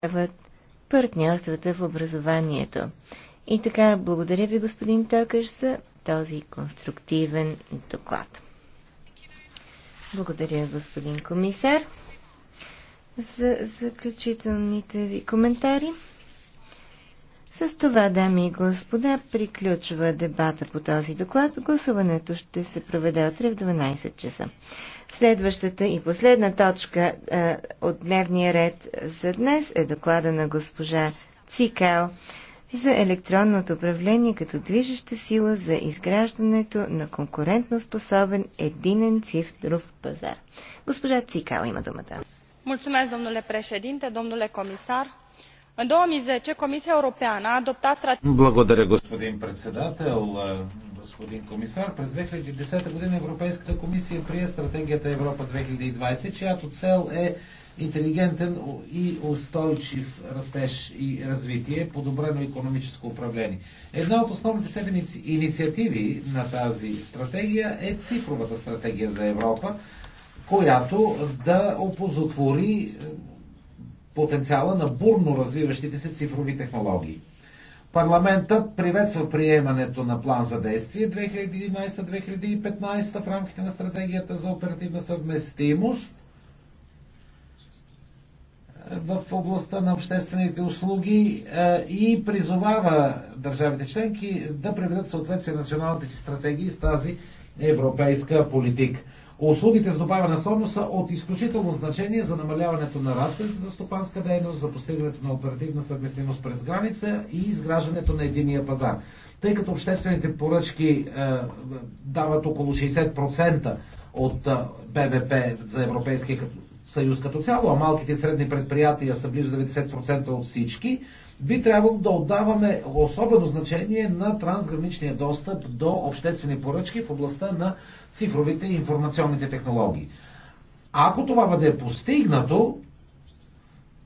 подобряват партньорствата в образованието. И така, благодаря ви, господин Токаш, за този конструктивен доклад. Благодаря, господин комисар, за заключителните ви коментари. С това, дами и господа, приключва дебата по този доклад. Гласуването ще се проведе утре в 12 часа. Следващата и последна точка а, от дневния ред за днес е доклада на госпожа Цикал за електронното управление като движеща сила за изграждането на конкурентно способен единен цифров пазар. Госпожа Цикал има думата. Mulțumesc, domnule președinte, domnule comisar în 2010, Comisia Europeană a adoptat strategia... Благодаря, господин председател, господин комисар. През 2010 година Европейската комисия прие стратегията Европа 2020, чиято цел е интелигентен и устойчив растеж и развитие, подобрено економическо управление. Една от основните себе инициативи на тази стратегия е цифровата стратегия за Европа, която да опозотвори потенциала на бурно развиващите се цифрови технологии. Парламентът приветства приемането на план за действие 2011-2015 в рамките на стратегията за оперативна съвместимост е, в областта на обществените услуги е, и призовава държавите членки да приведат съответствие националните си стратегии с тази европейска политика. Услугите с добавена стойност са от изключително значение за намаляването на разходите за стопанска дейност, за постигането на оперативна съвместимост през граница и изграждането на единия пазар. Тъй като обществените поръчки е, дават около 60% от е, БВП за Европейския съюз като цяло, а малките и средни предприятия са близо 90% от всички, би трябвало да отдаваме особено значение на трансграничния достъп до обществени поръчки в областта на цифровите и информационните технологии. Ако това бъде постигнато,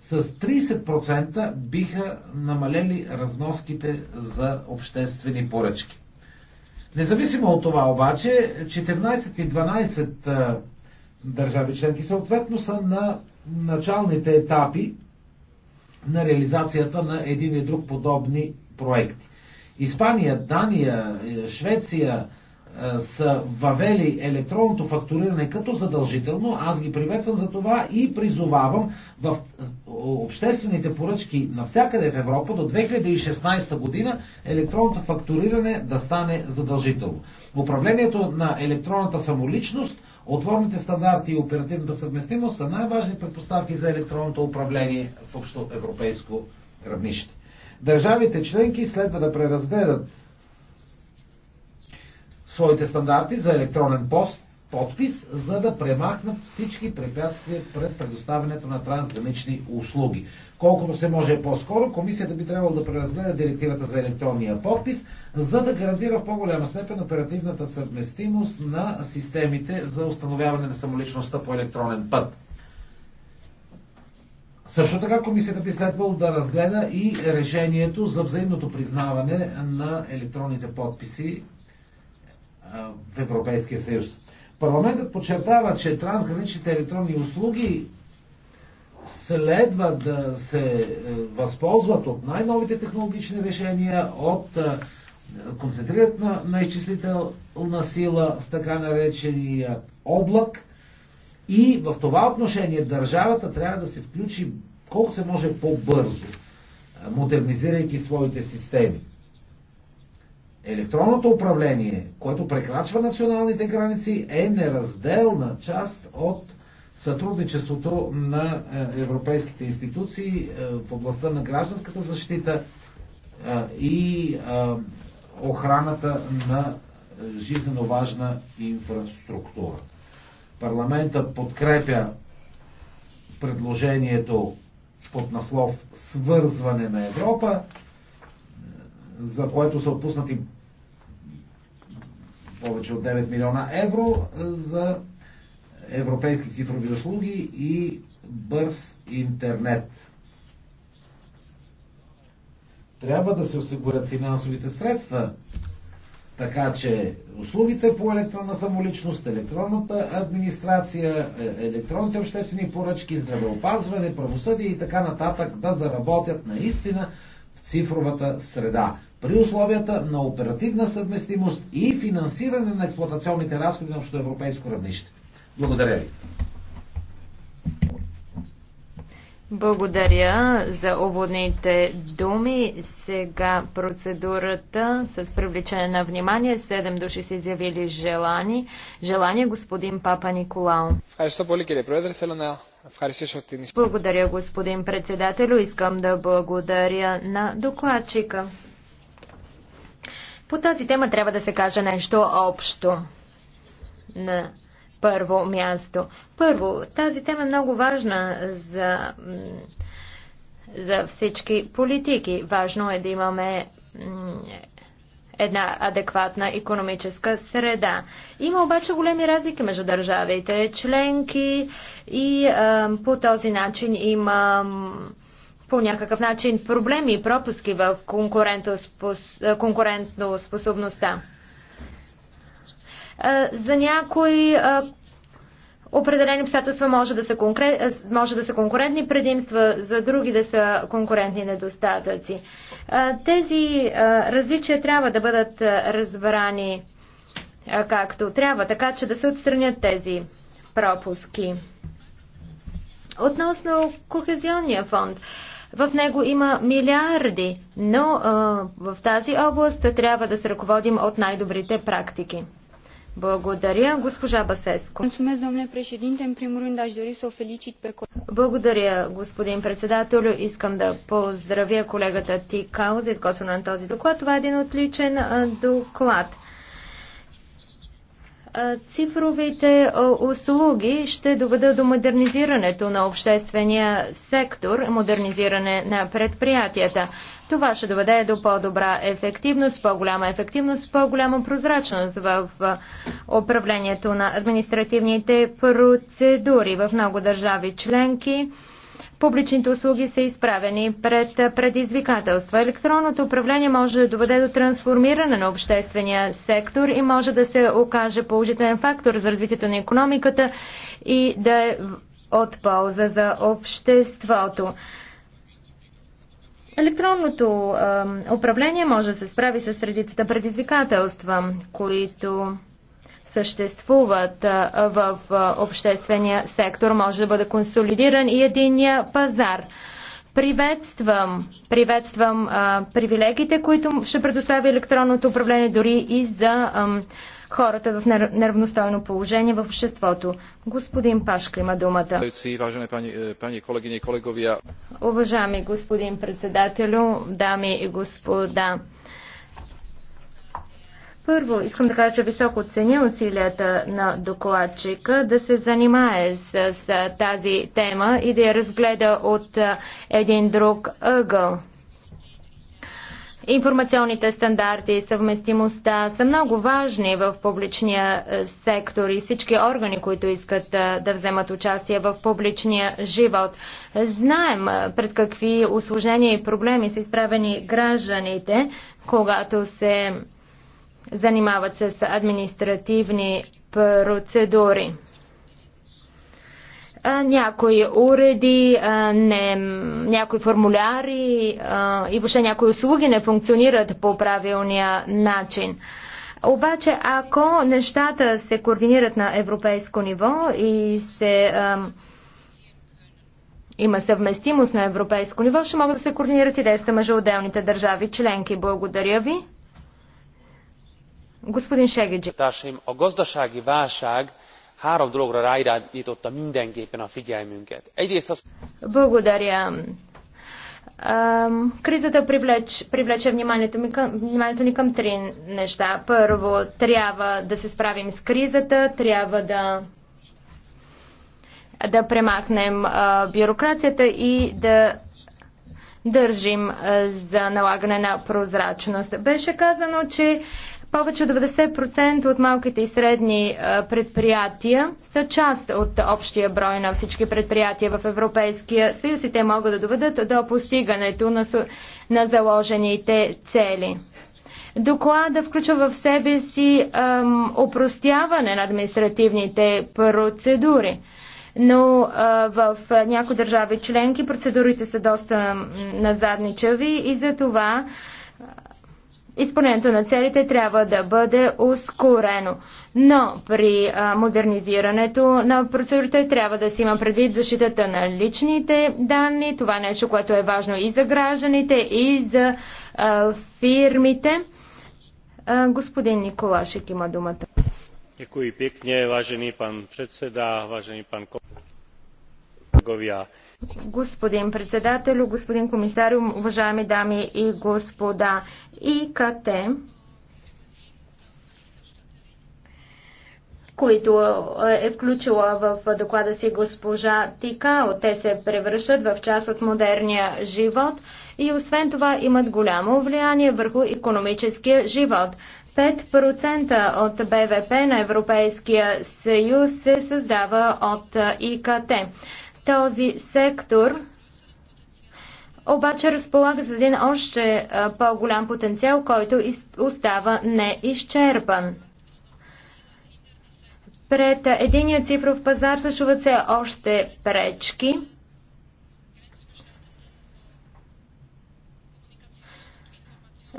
с 30% биха намалели разноските за обществени поръчки. Независимо от това обаче, 14 и 12 държави членки съответно са на началните етапи на реализацията на един и друг подобни проекти. Испания, Дания, е, Швеция е, са въвели електронното фактуриране като задължително. Аз ги приветствам за това и призовавам в е, обществените поръчки навсякъде в Европа до 2016 година електронното фактуриране да стане задължително. Управлението на електронната самоличност – Отворните стандарти и оперативната съвместимост са най-важни предпоставки за електронното управление в общо европейско равнище. Държавите членки следва да преразгледат своите стандарти за електронен пост подпис, за да премахнат всички препятствия пред предоставянето на трансгранични услуги. Колкото се може по-скоро, комисията би трябвало да преразгледа директивата за електронния подпис, за да гарантира в по-голяма степен оперативната съвместимост на системите за установяване на самоличността по електронен път. Също така комисията би следвало да разгледа и решението за взаимното признаване на електронните подписи в Европейския съюз. Парламентът подчертава, че трансграничните електронни услуги следва да се е, възползват от най-новите технологични решения, от е, концентрират на, на изчислителна сила в така наречения облак. И в това отношение държавата трябва да се включи колко се може по-бързо, е, модернизирайки своите системи електронното управление, което прекрачва националните граници, е неразделна част от сътрудничеството на е, европейските институции е, в областта на гражданската защита е, и охраната на жизненно важна инфраструктура. Парламентът подкрепя предложението под наслов Свързване на Европа за което са отпуснати повече от 9 милиона евро е, за европейски цифрови услуги и бърз интернет. Трябва да се осигурят финансовите средства, така че услугите по електронна самоличност, електронната администрация, е, електронните обществени поръчки, здравеопазване, правосъдие и така нататък да заработят наистина в цифровата среда при условията на оперативна съвместимост и финансиране на експлуатационните разходи на общоевропейско равнище. Благодаря ви. Благодаря за уводните думи. Сега процедурата с привличане на внимание. Седем души са изявили желани. Желание господин Папа Николао. Благодаря господин председателю. Искам да благодаря на докладчика. По тази тема трябва да се каже нещо общо. На първо място. Първо, тази тема е много важна за, за всички политики. Важно е да имаме една адекватна економическа среда. Има обаче големи разлики между държавите членки и а, по този начин има по някакъв начин проблеми и пропуски в конкурентно способността. За някои определени обстоятелства може да, са може да са конкурентни предимства, за други да са конкурентни недостатъци. Тези различия трябва да бъдат разбрани както трябва, така че да се отстранят тези пропуски. Относно Кохезионния фонд, в него има милиарди, но а, в тази област трябва да се ръководим от най-добрите практики. Благодаря, госпожа Басеско. Благодаря, господин председател. Искам да поздравя колегата Ти Као за изготвяне на този доклад. Това е един отличен доклад. Цифровите услуги ще доведат до модернизирането на обществения сектор, модернизиране на предприятията. Това ще доведе до по-добра ефективност, по-голяма ефективност, по-голяма прозрачност в управлението на административните процедури в много държави членки публичните услуги са изправени пред предизвикателства. Електронното управление може да доведе до трансформиране на обществения сектор и може да се окаже положителен фактор за развитието на економиката и да е от полза за обществото. Електронното е, управление може да се справи с редицата предизвикателства, които съществуват в обществения сектор, може да бъде консолидиран и единния пазар. Приветствам, приветствам а, привилегиите, които ще предостави електронното управление дори и за а, хората в неравностойно положение в обществото. Господин Пашка има думата. Уважаеми е, господин председателю, дами и господа, първо, искам да кажа, че високо ценя усилията на докладчика да се занимае с, с тази тема и да я разгледа от един друг ъгъл. Информационните стандарти и съвместимостта са много важни в публичния сектор и всички органи, които искат да вземат участие в публичния живот. Знаем пред какви осложнения и проблеми са изправени гражданите, когато се занимават се с административни процедури. Някои уреди, не, някои формуляри и въобще някои услуги не функционират по правилния начин. Обаче, ако нещата се координират на европейско ниво и се а, има съвместимост на европейско ниво, ще могат да се координират и действа между отделните държави членки. Благодаря ви. A gazdasági válság három dologra ráirányította mindenképpen a figyelmünket. Egyrészt az... Благодаря. Кризата привлече, привлече вниманието, ми към, вниманието ни към три неща. Първо, трябва да се справим с кризата, трябва да, да премахнем а, бюрокрацията и да държим а, за налагане на прозрачност. Беше казано, че повече от 90% от малките и средни е, предприятия са част от общия брой на всички предприятия в Европейския съюз и те могат да доведат до постигането на, на заложените цели. Доклада включва в себе си ем, опростяване на административните процедури но а, в някои държави членки процедурите са доста назадничави и за това изпълнението на целите трябва да бъде ускорено. Но при а, модернизирането на процедурите трябва да се има предвид защитата на личните данни. Това е нещо, което е важно и за гражданите, и за а, фирмите. А, господин Николашек има думата. Děkuji pekne, vážený pán predseda, vážený pán kolegovia Господин председател, господин комисар, уважаеми дами и господа, ИКТ, които е, е включила в доклада си госпожа Тикао. Те се превръщат в част от модерния живот и освен това имат голямо влияние върху економическия живот. 5% от БВП на Европейския съюз се създава от ИКТ. Този сектор обаче разполага с един още по-голям потенциал, който остава неизчерпан. Пред единия цифров пазар съшуват се още пречки.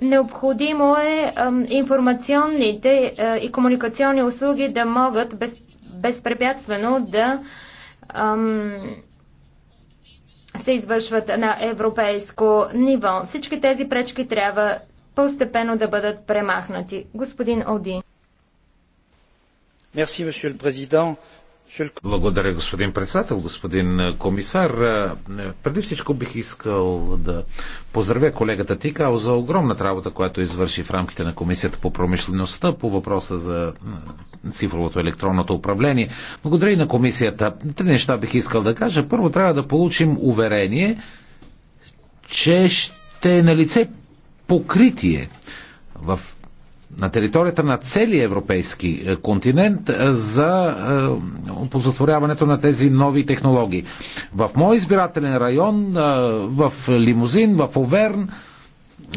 Необходимо е информационните и комуникационни услуги да могат без, безпрепятствено да се извършват на европейско ниво. Всички тези пречки трябва постепенно да бъдат премахнати. Господин Оди. Благодаря, господин председател, господин комисар. Преди всичко бих искал да поздравя колегата Тикал за огромната работа, която извърши в рамките на Комисията по промишлеността по въпроса за цифровото електронното управление. Благодаря и на комисията. Три неща бих искал да кажа. Първо трябва да получим уверение, че ще е на лице покритие в на територията на целия европейски е, континент е, за е, опозотворяването на тези нови технологии. В мой избирателен район, в Лимузин, в Оверн,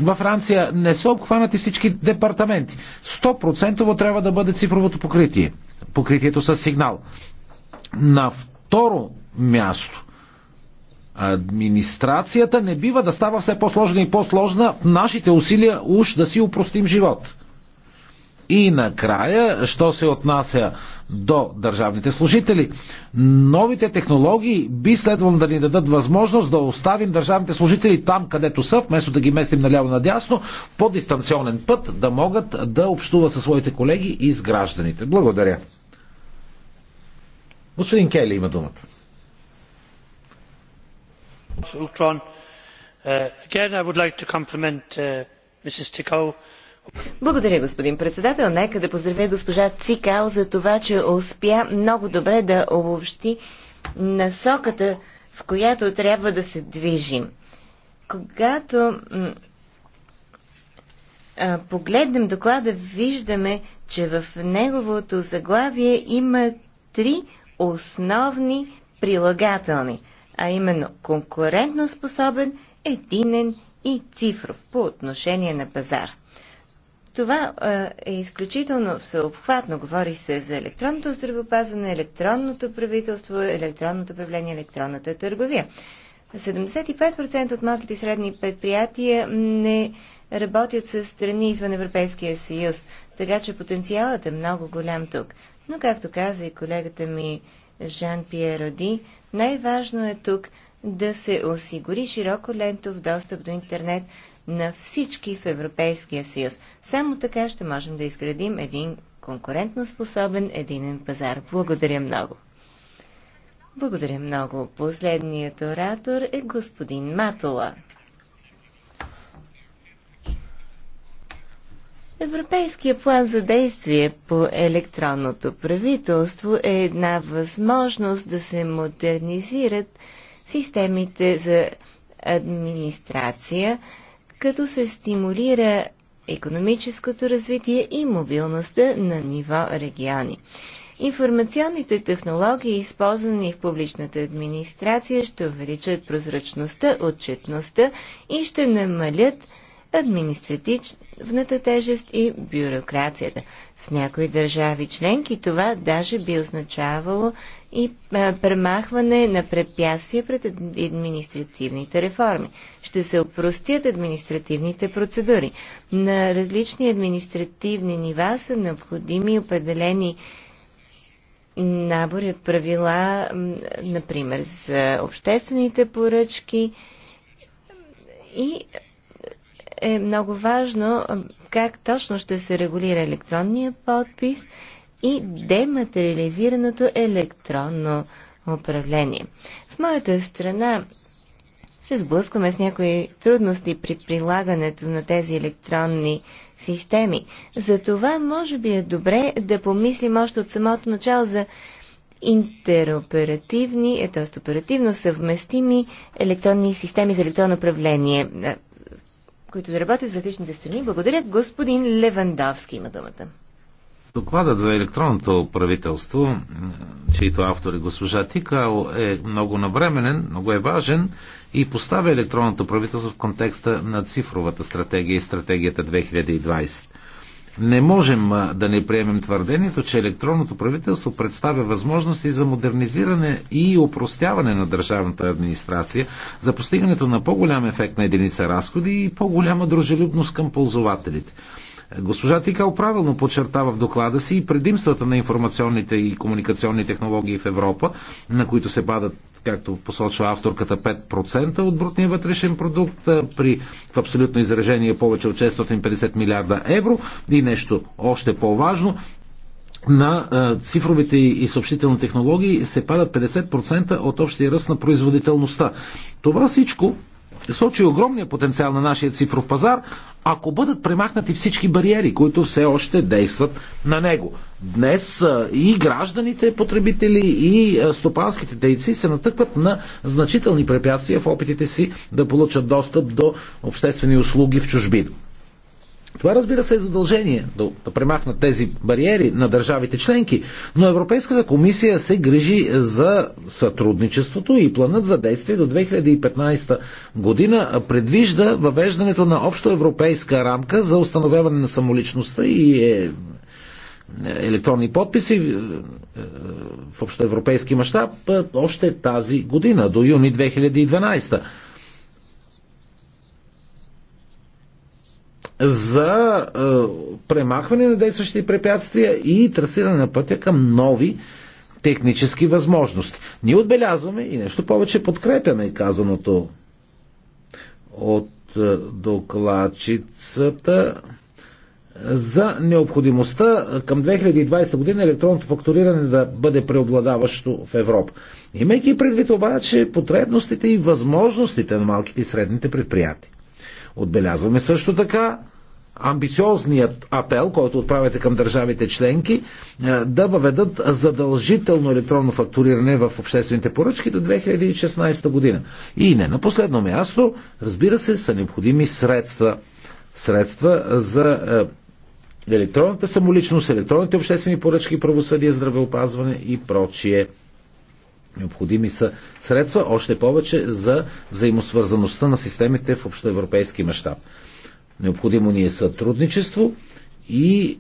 във Франция не са обхванати всички департаменти. 100% трябва да бъде цифровото покритие. Покритието с сигнал. На второ място, администрацията не бива да става все по-сложна и по-сложна в нашите усилия уж да си упростим живот. И накрая, що се отнася до държавните служители, новите технологии би следвало да ни дадат възможност да оставим държавните служители там, където са, вместо да ги местим наляво-надясно, по дистанционен път да могат да общуват със своите колеги и с гражданите. Благодаря. Господин Кели има думата. Uh, again, I would like to compliment uh, Mrs. Tickow благодаря, господин председател. Нека да поздравя госпожа Цикал за това, че успя много добре да обобщи насоката, в която трябва да се движим. Когато погледнем доклада, виждаме, че в неговото заглавие има три основни прилагателни, а именно конкурентно способен, единен и цифров по отношение на пазара. Това е изключително всеобхватно. Говори се за електронното здравеопазване, електронното правителство, електронното управление, електронната търговия. 75% от малките и средни предприятия не работят с страни извън Европейския съюз, така че потенциалът е много голям тук. Но, както каза и колегата ми Жан Пьер Роди, най-важно е тук да се осигури широко лентов достъп до интернет на всички в Европейския съюз. Само така ще можем да изградим един конкурентно способен единен пазар. Благодаря много. Благодаря много. Последният оратор е господин Матола. Европейския план за действие по електронното правителство е една възможност да се модернизират системите за администрация като се стимулира економическото развитие и мобилността на ниво региони. Информационните технологии, използвани в публичната администрация, ще увеличат прозрачността, отчетността и ще намалят административните административната тежест и бюрокрацията. В някои държави членки това даже би означавало и премахване на препятствия пред административните реформи. Ще се опростят административните процедури. На различни административни нива са необходими определени набори от правила, например, за обществените поръчки и е много важно как точно ще се регулира електронния подпис и дематериализираното електронно управление. В моята страна се сблъскваме с някои трудности при прилагането на тези електронни системи. За това може би е добре да помислим още от самото начало за интероперативни, т.е. оперативно съвместими електронни системи за електронно управление които да работят в различните страни. Благодаря. Господин Левандовски има думата. Докладът за електронното правителство, чието автор е госпожа Тикал, е много навременен, много е важен и поставя електронното правителство в контекста на цифровата стратегия и стратегията 2020. Не можем да не приемем твърдението, че електронното правителство представя възможности за модернизиране и упростяване на държавната администрация, за постигането на по-голям ефект на единица разходи и по-голяма дружелюбност към ползвателите. Госпожа Тикал правилно подчертава в доклада си и предимствата на информационните и комуникационни технологии в Европа, на които се падат както посочва авторката, 5% от брутния вътрешен продукт, при в абсолютно изражение повече от 650 милиарда евро и нещо още по-важно, на цифровите и съобщителни технологии се падат 50% от общия ръст на производителността. Това всичко сочи огромния потенциал на нашия цифров пазар, ако бъдат премахнати всички бариери, които все още действат на него. Днес и гражданите потребители, и стопанските дейци се натъкват на значителни препятствия в опитите си да получат достъп до обществени услуги в чужбина. Това разбира се е задължение да, да премахнат тези бариери на държавите членки, но Европейската комисия се грижи за сътрудничеството и планът за действие до 2015 година предвижда въвеждането на общо европейска рамка за установяване на самоличността и е, е електронни подписи е, е, в общоевропейски мащаб още тази година, до юни 2012. за е, премахване на действащите препятствия и трасиране на пътя към нови технически възможности. Ние отбелязваме и нещо повече подкрепяме казаното от е, докладчицата за необходимостта към 2020 година електронното фактуриране да бъде преобладаващо в Европа. Имайки предвид обаче потребностите и възможностите на малките и средните предприятия. Отбелязваме също така амбициозният апел, който отправяте към държавите членки, е, да въведат задължително електронно фактуриране в обществените поръчки до 2016 година. И не на последно място, разбира се, са необходими средства. Средства за е, електронната самоличност, електронните обществени поръчки, правосъдие, здравеопазване и прочие. Необходими са средства, още повече за взаимосвързаността на системите в общоевропейски мащаб. Необходимо ни е сътрудничество и е,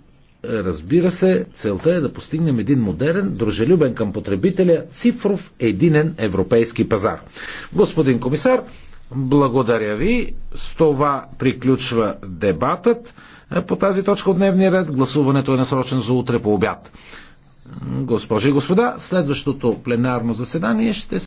разбира се, целта е да постигнем един модерен, дружелюбен към потребителя, цифров, единен европейски пазар. Господин комисар, благодаря ви. С това приключва дебатът е, по тази точка от дневния ред. Гласуването е насрочено за утре по обяд. Госпожи и господа, следващото пленарно заседание ще